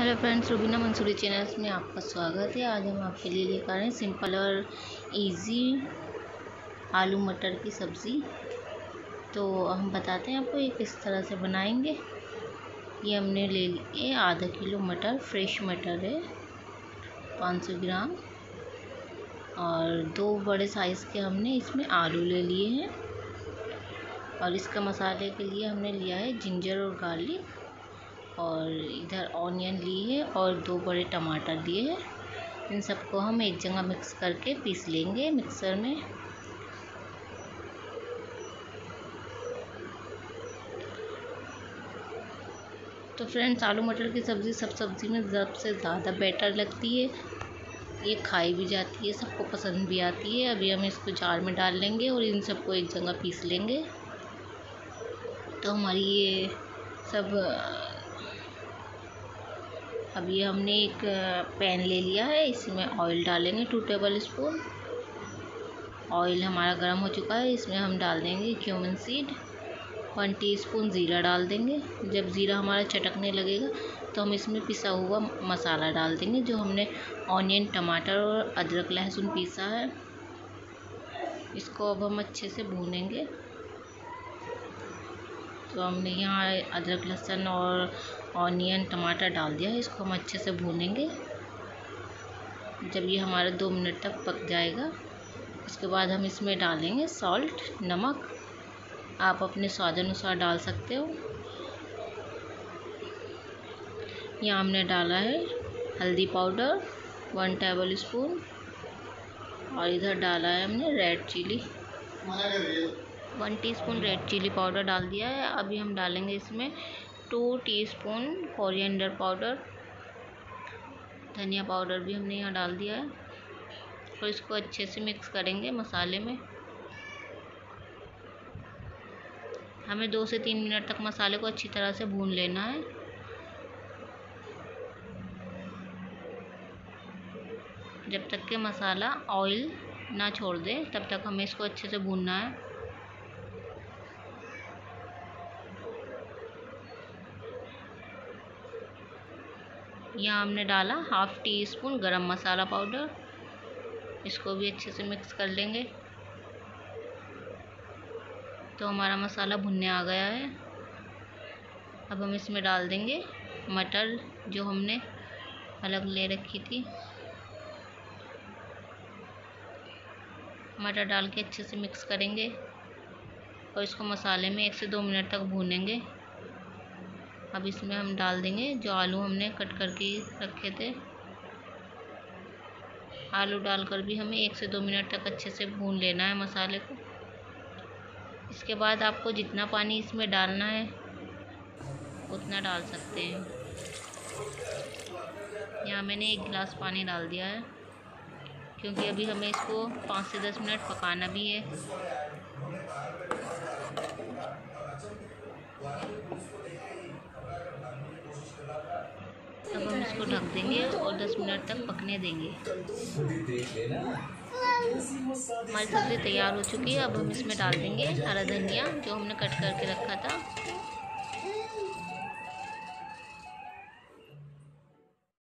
hello friends Rubina Mansuri channels में आपका स्वागत है आज हम आपके लिए लेकर आए हैं सिंपल और इजी आलू मटर की सब्ज़ी तो हम बताते हैं आपको ये किस तरह से बनाएंगे ये हमने ले लिए आधा किलो मटर फ्रेश मटर है 500 ग्राम और दो बड़े साइज़ के हमने इसमें आलू ले लिए हैं और इसका मसाले के लिए हमने लिया है जिंजर और गार्लिक और इधर ऑनियन ली है और दो बड़े टमाटर लिए हैं इन सबको हम एक जगह मिक्स करके पीस लेंगे मिक्सर में तो फ्रेंड्स आलू मटर की सब्ज़ी सब सब्ज़ी में सबसे ज़्यादा बेटर लगती है ये खाई भी जाती है सबको पसंद भी आती है अभी हम इसको जार में डाल लेंगे और इन सबको एक जगह पीस लेंगे तो हमारी ये सब अब ये हमने एक पैन ले लिया है इसमें ऑयल डालेंगे टू टेबल स्पून ऑयल हमारा गर्म हो चुका है इसमें हम डाल देंगे क्यूमन सीड वन टीस्पून ज़ीरा डाल देंगे जब ज़ीरा हमारा चटकने लगेगा तो हम इसमें पिसा हुआ मसाला डाल देंगे जो हमने ऑनियन टमाटर और अदरक लहसुन पीसा है इसको अब हम अच्छे से भूनेंगे तो हमने यहाँ अदरक लहसुन और ऑनियन टमाटर डाल दिया है इसको हम अच्छे से भूनेंगे जब ये हमारा दो मिनट तक पक जाएगा उसके बाद हम इसमें डालेंगे सॉल्ट नमक आप अपने स्वाद अनुसार डाल सकते हो यहाँ हमने डाला है हल्दी पाउडर वन टेबल स्पून और इधर डाला है हमने red chilli one teaspoon red chilli powder डाल दिया है अभी हम डालेंगे इसमें टू टीस्पून कोरिएंडर पाउडर धनिया पाउडर भी हमने यहाँ डाल दिया है और तो इसको अच्छे से मिक्स करेंगे मसाले में हमें दो से तीन मिनट तक मसाले को अच्छी तरह से भून लेना है जब तक के मसाला ऑयल ना छोड़ दे तब तक हमें इसको अच्छे से भूनना है यहाँ हमने डाला हाफ़ टी स्पून गरम मसाला पाउडर इसको भी अच्छे से मिक्स कर लेंगे तो हमारा मसाला भुनने आ गया है अब हम इसमें डाल देंगे मटर जो हमने अलग ले रखी थी मटर डाल के अच्छे से मिक्स करेंगे और इसको मसाले में एक से दो मिनट तक भूनेंगे अब इसमें हम डाल देंगे जो आलू हमने कट करके रखे थे आलू डालकर भी हमें एक से दो मिनट तक अच्छे से भून लेना है मसाले को इसके बाद आपको जितना पानी इसमें डालना है उतना डाल सकते हैं यहाँ मैंने एक गिलास पानी डाल दिया है क्योंकि अभी हमें इसको पाँच से दस मिनट पकाना भी है इसको ढक देंगे और 10 मिनट तक पकने देंगे हमारी सब्ज़ी तैयार हो चुकी है अब हम इसमें डाल देंगे हरा धनिया जो हमने कट करके रखा था